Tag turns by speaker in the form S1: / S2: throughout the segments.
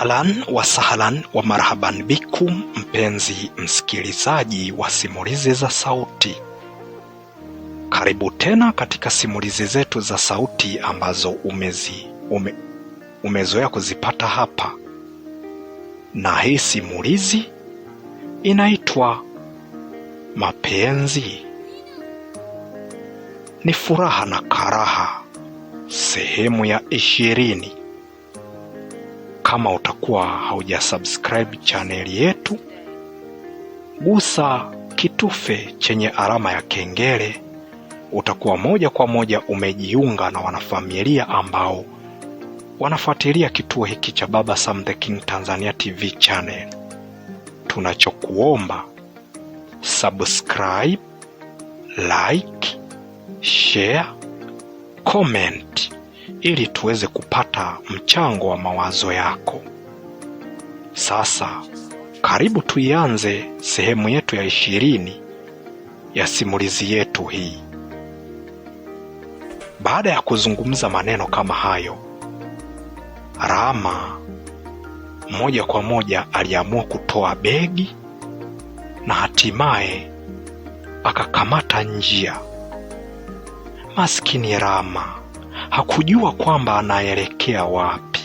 S1: Ahlan wa sahlan wa marhaban bikum, mpenzi msikilizaji wa simulizi za sauti, karibu tena katika simulizi zetu za sauti ambazo umezi, ume, umezoea kuzipata hapa, na hii simulizi inaitwa Mapenzi ni Furaha na Karaha, sehemu ya ishirini. Kama utakuwa haujasubscribe chaneli yetu, gusa kitufe chenye alama ya kengele, utakuwa moja kwa moja umejiunga na wanafamilia ambao wanafuatilia kituo hiki cha Baba Sam the King Tanzania TV channel. Tunachokuomba subscribe, like, share, comment ili tuweze kupata mchango wa mawazo yako. Sasa karibu tuianze sehemu yetu ya ishirini ya simulizi yetu hii. Baada ya kuzungumza maneno kama hayo, Rama moja kwa moja aliamua kutoa begi na hatimaye akakamata njia. Maskini Rama Hakujua kwamba anaelekea wapi,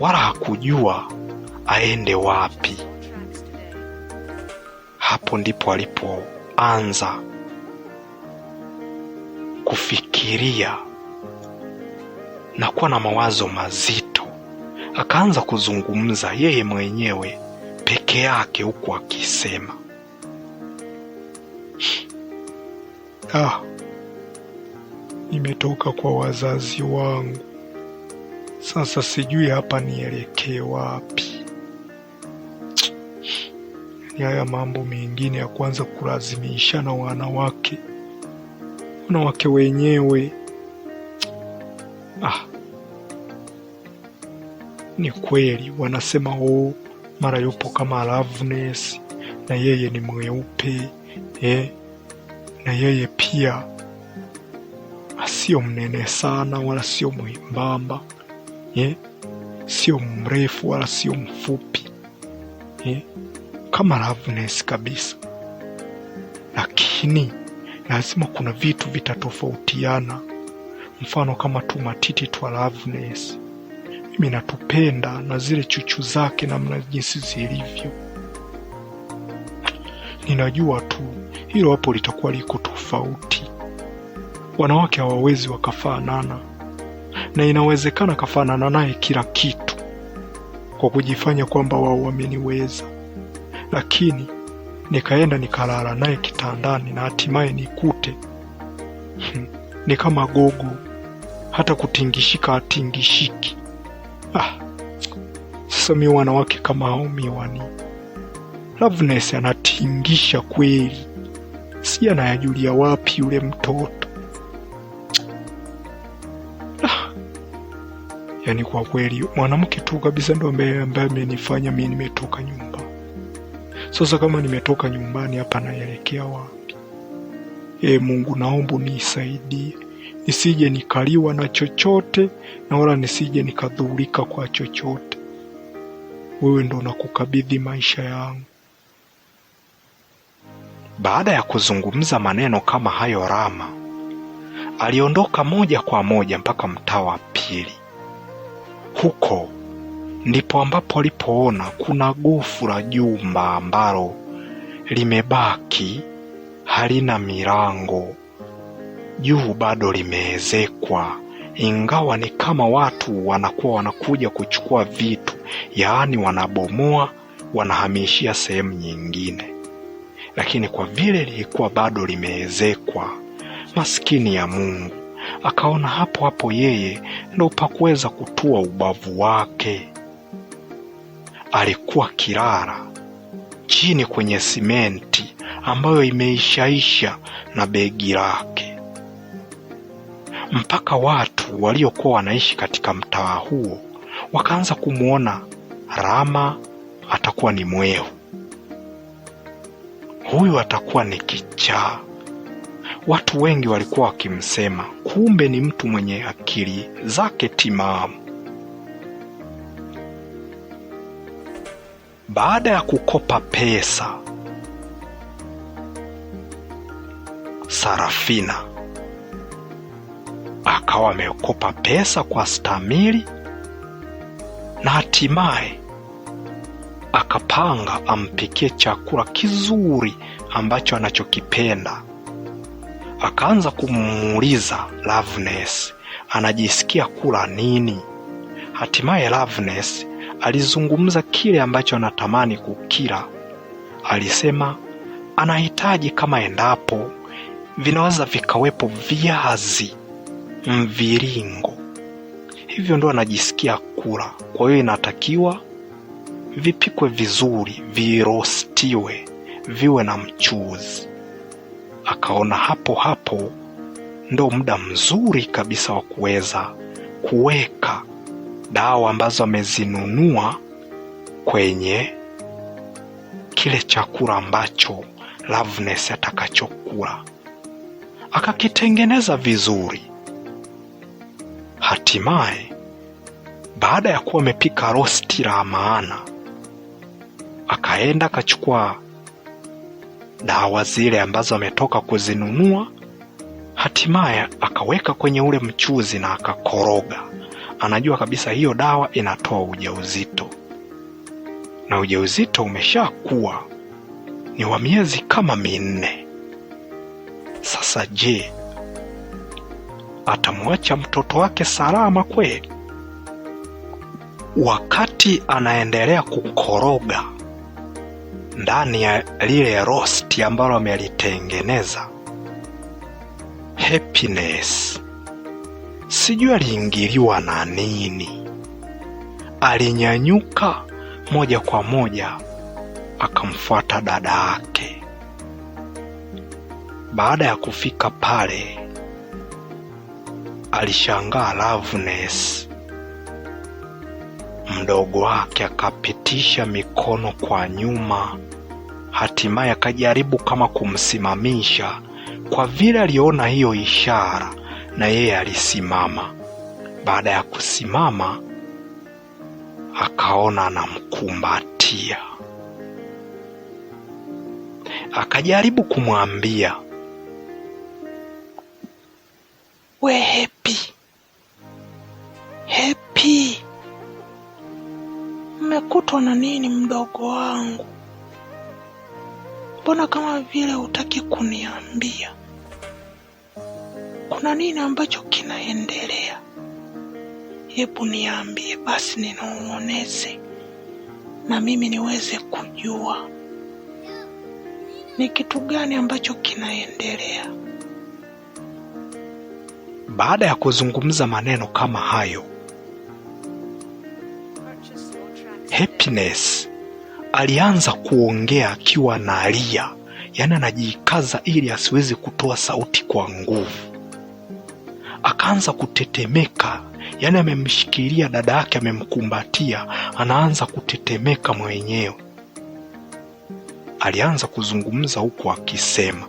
S1: wala hakujua aende wapi. Hapo ndipo alipoanza kufikiria na kuwa na mawazo mazito, akaanza kuzungumza yeye mwenyewe peke yake, huku akisema ah. Nimetoka kwa wazazi wangu, sasa sijui hapa nielekee wapi. Ni haya mambo mengine ya kwanza kulazimisha na wanawake wanawake wenyewe. Ah, ni kweli wanasema oh, mara yupo kama Loveness na yeye ni mweupe eh, na yeye pia sio mnene sana wala sio mwembamba yeah? sio mrefu wala sio mfupi yeah? kama Loveness kabisa, lakini lazima kuna vitu vitatofautiana. Mfano kama tu matiti twa Loveness, mimi natupenda na zile chuchu zake namna jinsi zilivyo, ninajua tu hilo hapo litakuwa liko tofauti. Wanawake hawawezi wakafanana, na inawezekana kafanana naye kila kitu kwa kujifanya kwamba wao wameniweza, lakini nikaenda nikalala naye kitandani na hatimaye nikute hmm, ni kama gogo, hata kutingishika hatingishiki. Ah, sasa mi wanawake kama hao miwani, anatingisha kweli, si anayajulia wapi yule mtoto. Yani kwa kweli mwanamke tu kabisa ndo ambaye amenifanya mimi nimetoka nyumba. Sasa kama nimetoka nyumbani hapa, naelekea wapi? E Mungu, naomba unisaidie nisije nikaliwa na chochote na wala nisije nikadhurika kwa chochote. Wewe ndo nakukabidhi maisha yangu. Baada ya kuzungumza maneno kama hayo, Rama aliondoka moja kwa moja mpaka mtaa wa pili. Huko ndipo ambapo alipoona kuna gofu la jumba ambalo limebaki halina milango, juu bado limeezekwa, ingawa ni kama watu wanakuwa wanakuja kuchukua vitu, yaani wanabomoa, wanahamishia sehemu nyingine, lakini kwa vile lilikuwa bado limeezekwa, maskini ya Mungu akaona hapo hapo yeye ndo pakuweza kutua ubavu wake. Alikuwa kirara chini kwenye simenti ambayo imeishaisha na begi lake. Mpaka watu waliokuwa wanaishi katika mtaa huo wakaanza kumwona Rama, atakuwa ni mwehu, huyu atakuwa ni kichaa. Watu wengi walikuwa wakimsema, kumbe ni mtu mwenye akili zake timamu. Baada ya kukopa pesa, Sarafina akawa amekopa pesa kwa Stamili na hatimaye akapanga ampikie chakula kizuri ambacho anachokipenda akaanza kumuuliza Loveness anajisikia kula nini. Hatimaye Loveness alizungumza kile ambacho anatamani kukila. Alisema anahitaji kama endapo vinaweza vikawepo viazi mviringo, hivyo ndo anajisikia kula. Kwa hiyo inatakiwa vipikwe vizuri, virostiwe, viwe na mchuzi akaona hapo hapo ndo muda mzuri kabisa wa kuweza kuweka dawa ambazo amezinunua kwenye kile chakula ambacho Loveness atakachokula, akakitengeneza vizuri. Hatimaye baada ya kuwa amepika rosti la maana, akaenda akachukua dawa zile ambazo ametoka kuzinunua, hatimaye akaweka kwenye ule mchuzi na akakoroga. Anajua kabisa hiyo dawa inatoa ujauzito, na ujauzito umeshakuwa ni wa miezi kama minne. Sasa je, atamwacha mtoto wake salama kweli? Wakati anaendelea kukoroga ndani ya lile rosti ambalo amelitengeneza. Happiness sijui aliingiliwa na nini, alinyanyuka moja kwa moja akamfuata dada yake. Baada ya kufika pale, alishangaa Loveness mdogo wake akapitisha mikono kwa nyuma, hatimaye akajaribu kama kumsimamisha. Kwa vile aliona hiyo ishara, na yeye alisimama. Baada ya kusimama, akaona anamkumbatia, akajaribu kumwambia wewe umekutwa na nini mdogo wangu? Mbona kama vile hutaki kuniambia? Kuna nini ambacho kinaendelea? Hebu niambie basi, ninaoneze na mimi niweze kujua ni kitu gani ambacho kinaendelea. Baada ya kuzungumza maneno kama hayo Happiness alianza kuongea akiwa na alia, yaani anajikaza ili asiweze kutoa sauti kwa nguvu. Akaanza kutetemeka, yaani amemshikilia dada yake, amemkumbatia, anaanza kutetemeka mwenyewe. Alianza kuzungumza huku akisema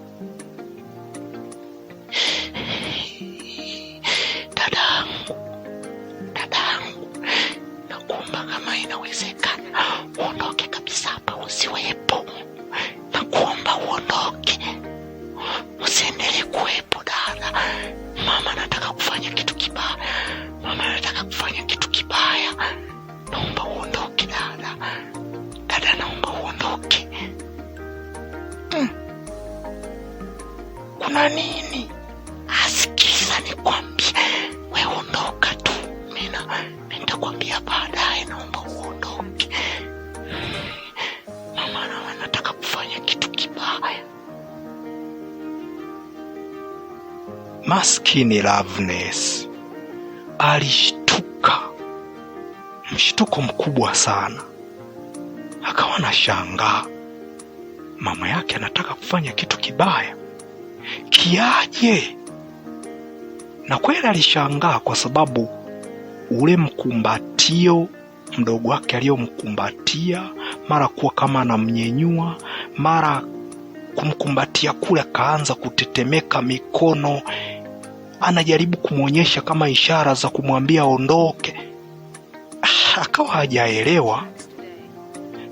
S1: chini Loveness alishtuka mshtuko mkubwa sana, akawa na shangaa, mama yake anataka kufanya kitu kibaya kiaje? Na kweli alishangaa kwa sababu ule mkumbatio mdogo wake aliyomkumbatia, mara kuwa kama anamnyenyua, mara kumkumbatia kule akaanza kutetemeka mikono anajaribu kumwonyesha kama ishara za kumwambia ondoke. Akawa hajaelewa,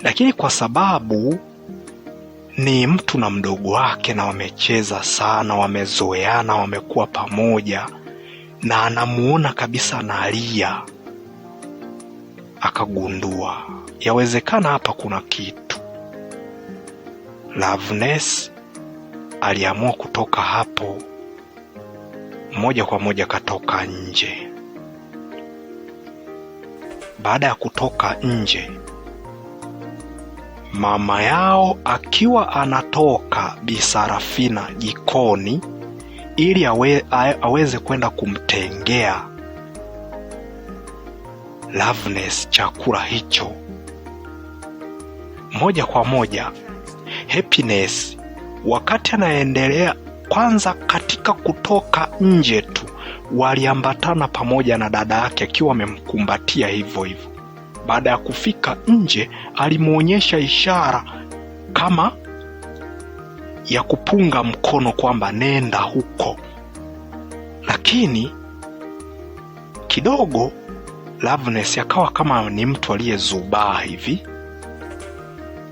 S1: lakini kwa sababu ni mtu na mdogo wake na wamecheza sana, wamezoeana, wamekuwa pamoja na anamuona kabisa analia, akagundua yawezekana hapa kuna kitu. Loveness aliamua kutoka hapo moja kwa moja katoka nje. Baada ya kutoka nje, mama yao akiwa anatoka Bisarafina jikoni ili awe, aweze kwenda kumtengea Loveness chakula hicho, moja kwa moja Happiness wakati anaendelea kwanza katika kutoka nje tu waliambatana pamoja na dada yake akiwa amemkumbatia hivyo hivyo. Baada ya kufika nje, alimwonyesha ishara kama ya kupunga mkono kwamba nenda huko, lakini kidogo Loveness akawa kama ni mtu aliyezubaa hivi.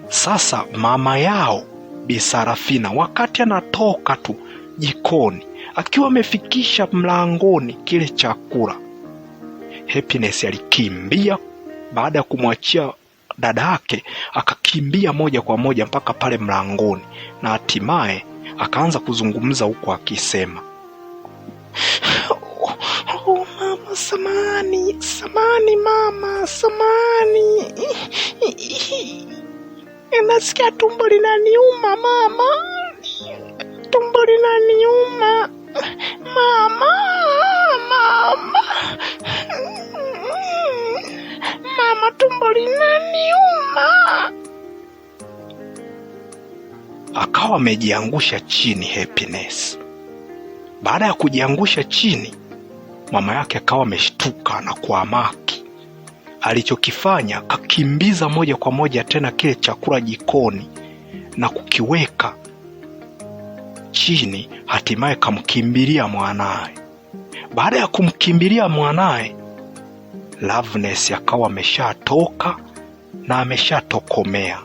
S1: Sasa mama yao Bisarafina, Sarafina wakati anatoka tu jikoni akiwa amefikisha mlangoni kile chakula. Happiness alikimbia baada ya kumwachia dada yake, akakimbia moja kwa moja mpaka pale mlangoni, na hatimaye akaanza kuzungumza huko akisema, oh, oh, mama samani, samani mama samani, nasikia tumbo linaniuma mama linaniuma mama, mama, mama, tumbo linaniuma. Akawa amejiangusha chini Happiness. Baada ya kujiangusha chini, mama yake akawa ameshtuka na kuamaki. Alichokifanya kakimbiza moja kwa moja tena kile chakula jikoni na kukiweka chini, hatimaye kamkimbilia mwanaye. Baada ya kumkimbilia mwanaye, Loveness akawa ameshatoka na ameshatokomea.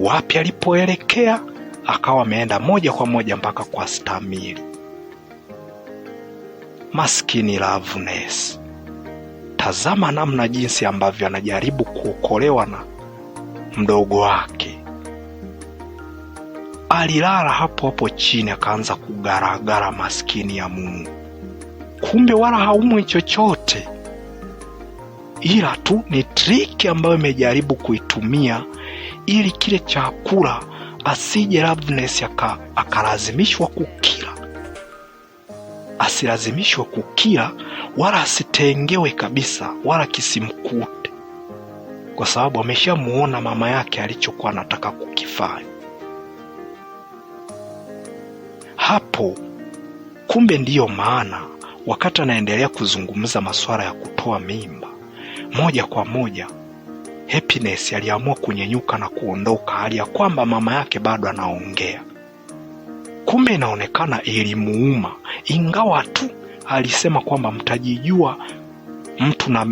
S1: Wapi alipoelekea, akawa ameenda moja kwa moja mpaka kwa Stamili. Maskini Loveness, tazama namna jinsi ambavyo anajaribu kuokolewa na mdogo wake alilala hapo hapo chini akaanza kugaragara, maskini ya Mungu. Kumbe wala haumwe chochote, ila tu ni triki ambayo imejaribu kuitumia ili kile chakula asije Loveness akalazimishwa kukila, asilazimishwe kukila wala asitengewe kabisa, wala kisimkute, kwa sababu ameshamuona mama yake alichokuwa anataka kukifanya. hapo. Kumbe ndiyo maana wakati anaendelea kuzungumza masuala ya kutoa mimba, moja kwa moja Happiness aliamua kunyenyuka na kuondoka, hali ya kwamba mama yake bado anaongea. Kumbe inaonekana ilimuuma, ingawa tu alisema kwamba mtajijua mtu na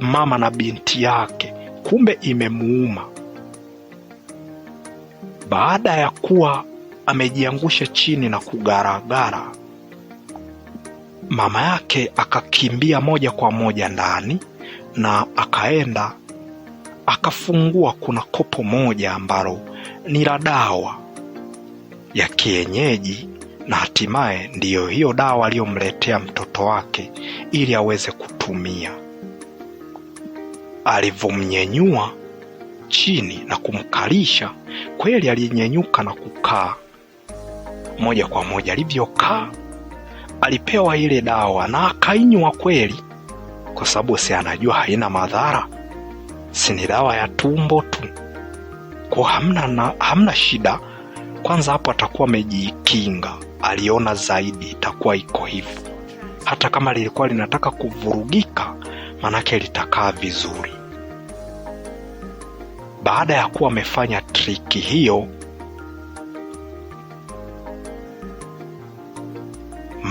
S1: mama na binti yake, kumbe imemuuma baada ya kuwa amejiangusha chini na kugaragara. Mama yake akakimbia moja kwa moja ndani na akaenda akafungua, kuna kopo moja ambalo ni la dawa ya kienyeji, na hatimaye ndiyo hiyo dawa aliyomletea mtoto wake ili aweze kutumia. Alivyomnyenyua chini na kumkalisha, kweli alinyenyuka na kukaa moja kwa moja alivyokaa alipewa ile dawa na akainywa kweli, kwa sababu si anajua haina madhara, si ni dawa ya tumbo tu, kwa hamna, na, hamna shida. Kwanza hapo atakuwa amejikinga, aliona zaidi itakuwa iko hivyo, hata kama lilikuwa linataka kuvurugika, manake litakaa vizuri. Baada ya kuwa amefanya triki hiyo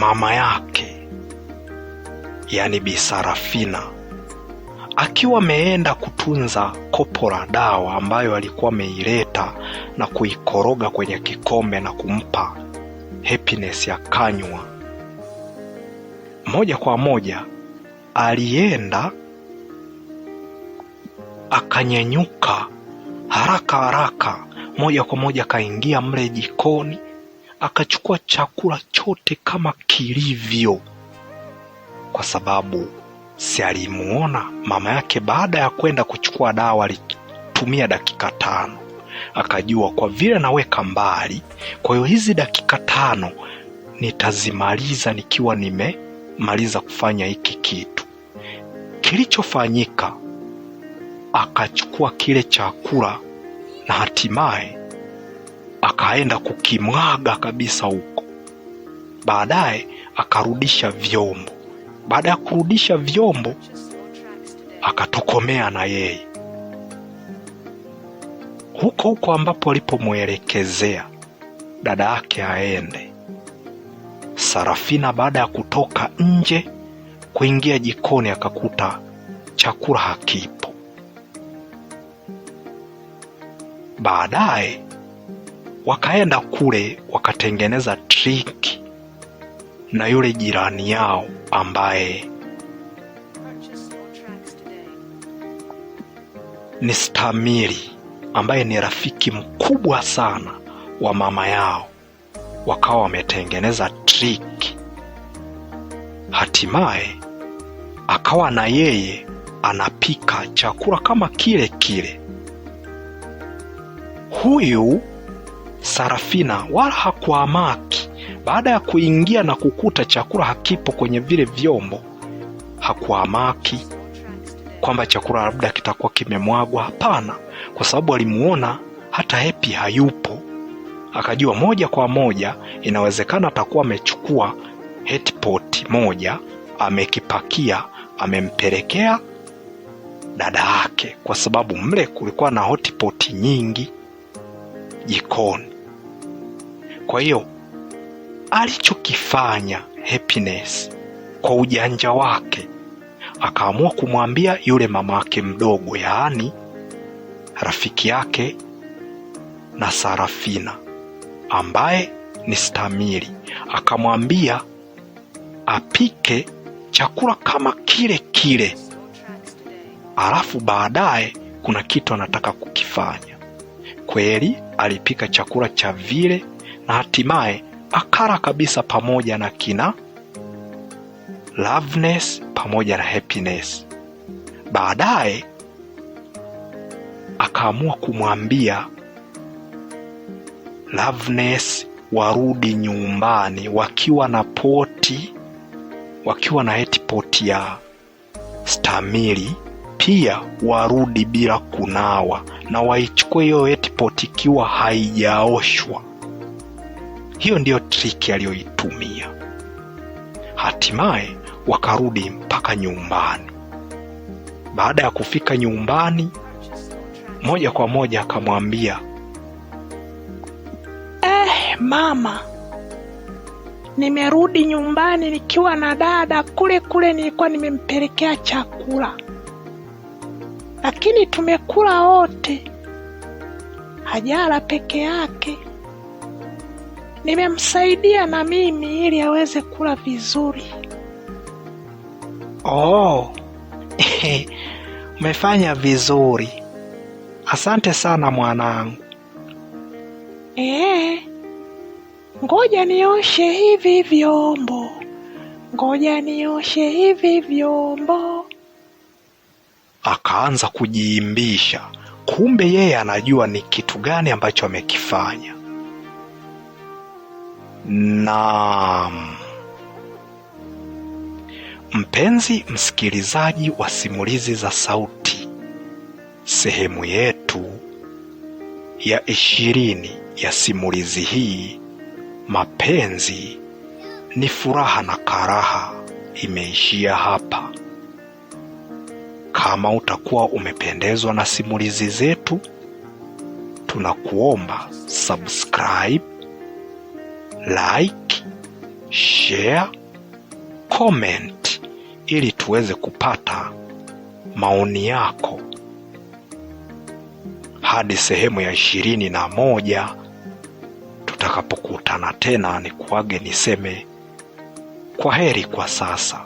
S1: mama yake, yaani Bi Sarafina, akiwa ameenda kutunza kopo la dawa ambayo alikuwa ameileta na kuikoroga kwenye kikombe na kumpa Happiness ya kanywa moja kwa moja. Alienda akanyanyuka haraka haraka, moja kwa moja akaingia mle jikoni akachukua chakula chote kama kilivyo, kwa sababu si alimuona mama yake baada ya kwenda kuchukua dawa alitumia dakika tano. Akajua kwa vile naweka mbali, kwa hiyo hizi dakika tano nitazimaliza nikiwa nimemaliza kufanya hiki kitu. Kilichofanyika, akachukua kile chakula na hatimaye akaenda kukimwaga kabisa huko. Baadaye akarudisha vyombo. Baada ya kurudisha vyombo, akatokomea na yeye huko huko ambapo alipomwelekezea dada yake aende. Sarafina baada ya kutoka nje kuingia jikoni, akakuta chakula hakipo. Baadaye Wakaenda kule wakatengeneza triki na yule jirani yao ambaye ni stamili ambaye ni rafiki mkubwa sana wa mama yao, wakawa wametengeneza triki, hatimaye akawa na yeye anapika chakula kama kile kile huyu Sarafina wala hakuamaki. Baada ya kuingia na kukuta chakula hakipo kwenye vile vyombo, hakuamaki kwamba chakula labda kitakuwa kimemwagwa. Hapana, kwa sababu alimuona hata Hepi hayupo, akajua moja kwa moja inawezekana atakuwa amechukua headpot moja, amekipakia amempelekea dada yake, kwa sababu mle kulikuwa na hotpot nyingi jikoni. Kwa hiyo alichokifanya Happiness kwa ujanja wake akaamua kumwambia yule mamake mdogo, yaani rafiki yake na Sarafina ambaye ni Stamili, akamwambia apike chakula kama kile kile, alafu baadaye kuna kitu anataka kukifanya. Kweli alipika chakula cha vile na hatimaye akara kabisa pamoja na kina Loveness pamoja na Happiness. Baadaye akaamua kumwambia Loveness warudi nyumbani wakiwa na poti wakiwa na eti poti ya stamili, pia warudi bila kunawa na waichukue hiyo eti poti ikiwa haijaoshwa. Hiyo ndiyo triki aliyoitumia. Hatimaye wakarudi mpaka nyumbani. Baada ya kufika nyumbani, moja kwa moja akamwambia eh, mama, nimerudi nyumbani nikiwa na dada kule kule nilikuwa nimempelekea chakula, lakini tumekula wote, hajala peke yake. Nimemsaidia na mimi ili aweze kula vizuri. Oh, umefanya vizuri. Asante sana mwanangu. Eh, ngoja nioshe hivi vyombo, ngoja nioshe hivi vyombo. Akaanza kujiimbisha, kumbe yeye anajua ni kitu gani ambacho amekifanya. Naam, mpenzi msikilizaji wa simulizi za sauti, sehemu yetu ya ishirini ya simulizi hii mapenzi ni furaha na karaha imeishia hapa. Kama utakuwa umependezwa na simulizi zetu, tunakuomba subscribe like, share, comment ili tuweze kupata maoni yako hadi sehemu ya ishirini na moja tutakapokutana tena. ni kuage niseme kwa heri kwa sasa.